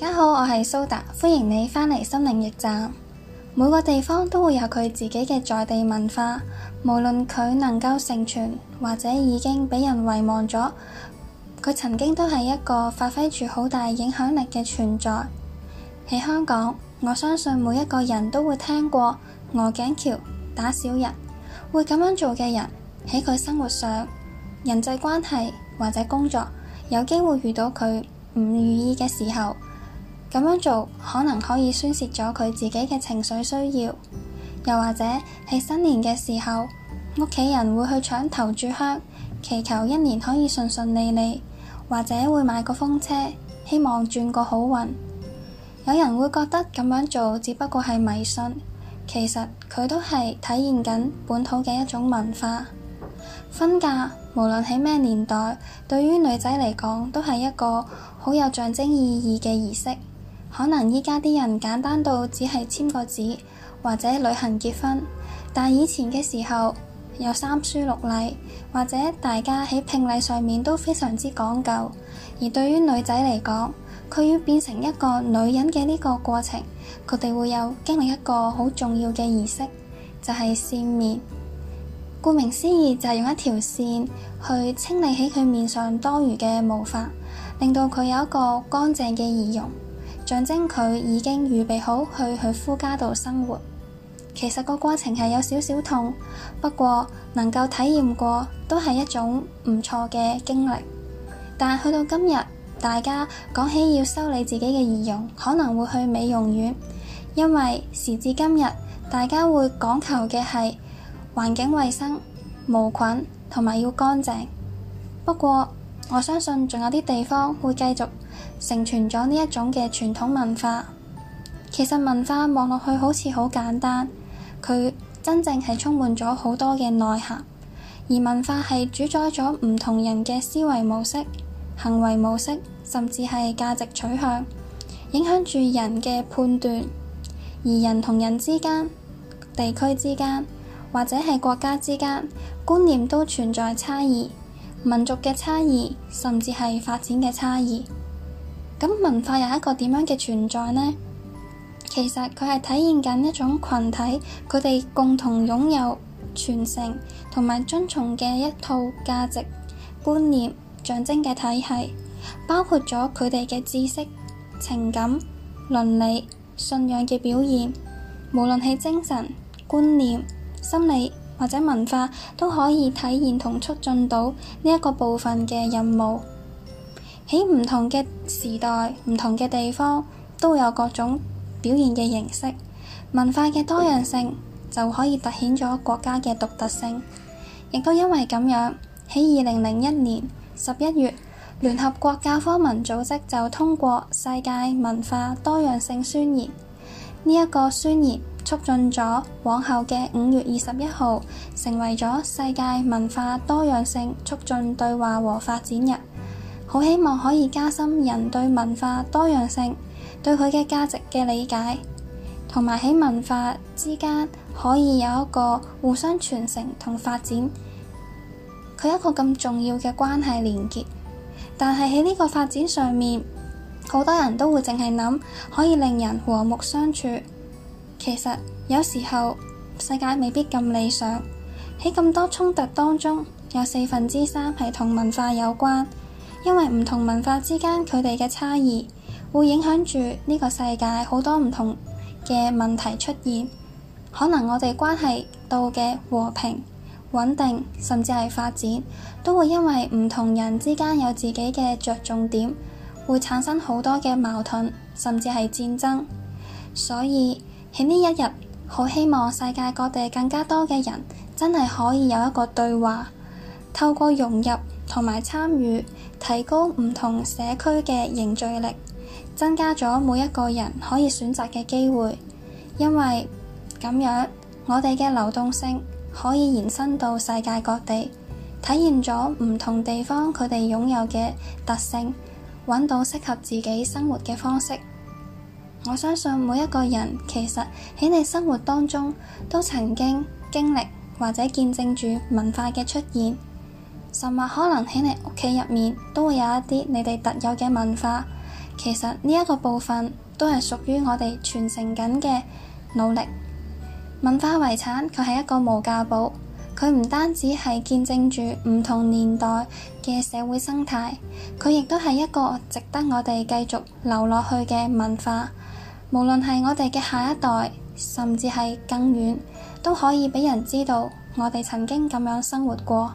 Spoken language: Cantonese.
大家好，我係蘇達，歡迎你返嚟心靈驛站。每個地方都會有佢自己嘅在地文化，無論佢能夠成全，或者已經俾人遺忘咗，佢曾經都係一個發揮住好大影響力嘅存在。喺香港，我相信每一個人都會聽過鵝頸橋打小人，會咁樣做嘅人喺佢生活上、人際關係或者工作有機會遇到佢唔如意嘅時候。咁樣做可能可以宣洩咗佢自己嘅情緒需要，又或者喺新年嘅時候，屋企人會去搶頭炷香，祈求一年可以順順利利，或者會買個風車，希望轉個好運。有人會覺得咁樣做只不過係迷信，其實佢都係體現緊本土嘅一種文化。婚嫁無論喺咩年代，對於女仔嚟講都係一個好有象徵意義嘅儀式。可能依家啲人簡單到只係簽個紙或者旅行結婚，但以前嘅時候有三書六禮或者大家喺聘禮上面都非常之講究。而對於女仔嚟講，佢要變成一個女人嘅呢個過程，佢哋會有經歷一個好重要嘅儀式，就係線面。顧名思義就係用一條線去清理起佢面上多餘嘅毛髮，令到佢有一個乾淨嘅儀容。象徵佢已經預備好去佢夫家度生活。其實個過程係有少少痛，不過能夠體驗過都係一種唔錯嘅經歷。但去到今日，大家講起要修理自己嘅儀容，可能會去美容院，因為時至今日，大家會講求嘅係環境衛生、無菌同埋要乾淨。不過我相信仲有啲地方會繼續，承傳咗呢一種嘅傳統文化，其實文化望落去好似好簡單，佢真正係充滿咗好多嘅內涵。而文化係主宰咗唔同人嘅思維模式、行為模式，甚至係價值取向，影響住人嘅判斷。而人同人之間、地區之間，或者係國家之間，觀念都存在差異、民族嘅差異，甚至係發展嘅差異。咁文化又係一個點樣嘅存在呢？其實佢係體現緊一種群體，佢哋共同擁有、傳承同埋遵從嘅一套價值、觀念、象徵嘅體系，包括咗佢哋嘅知識、情感、倫理、信仰嘅表現。無論係精神、觀念、心理或者文化，都可以體現同促進到呢一個部分嘅任務。喺唔同嘅時代、唔同嘅地方，都有各種表現嘅形式。文化嘅多樣性就可以突顯咗國家嘅獨特性，亦都因為咁樣，喺二零零一年十一月，聯合國教科文組織就通過《世界文化多樣性宣言》。呢一個宣言促進咗往後嘅五月二十一號，成為咗世界文化多樣性促進對話和發展日。好希望可以加深人對文化多樣性對佢嘅價值嘅理解，同埋喺文化之間可以有一個互相傳承同發展，佢一個咁重要嘅關係連結。但係喺呢個發展上面，好多人都會淨係諗可以令人和睦相處。其實有時候世界未必咁理想，喺咁多衝突當中，有四分之三係同文化有關。因為唔同文化之間佢哋嘅差異，會影響住呢個世界好多唔同嘅問題出現。可能我哋關係到嘅和平、穩定，甚至係發展，都會因為唔同人之間有自己嘅着重點，會產生好多嘅矛盾，甚至係戰爭。所以，喺呢一日，好希望世界各地更加多嘅人真係可以有一個對話，透過融入。同埋參與，提高唔同社區嘅凝聚力，增加咗每一個人可以選擇嘅機會。因為咁樣，我哋嘅流動性可以延伸到世界各地，體現咗唔同地方佢哋擁有嘅特性，搵到適合自己生活嘅方式。我相信每一個人其實喺你生活當中都曾經經歷或者見證住文化嘅出現。甚至可能喺你屋企入面都會有一啲你哋特有嘅文化。其實呢一個部分都係屬於我哋傳承緊嘅努力。文化遺產佢係一個無價寶，佢唔單止係見證住唔同年代嘅社會生態，佢亦都係一個值得我哋繼續留落去嘅文化。無論係我哋嘅下一代，甚至係更遠，都可以俾人知道我哋曾經咁樣生活過。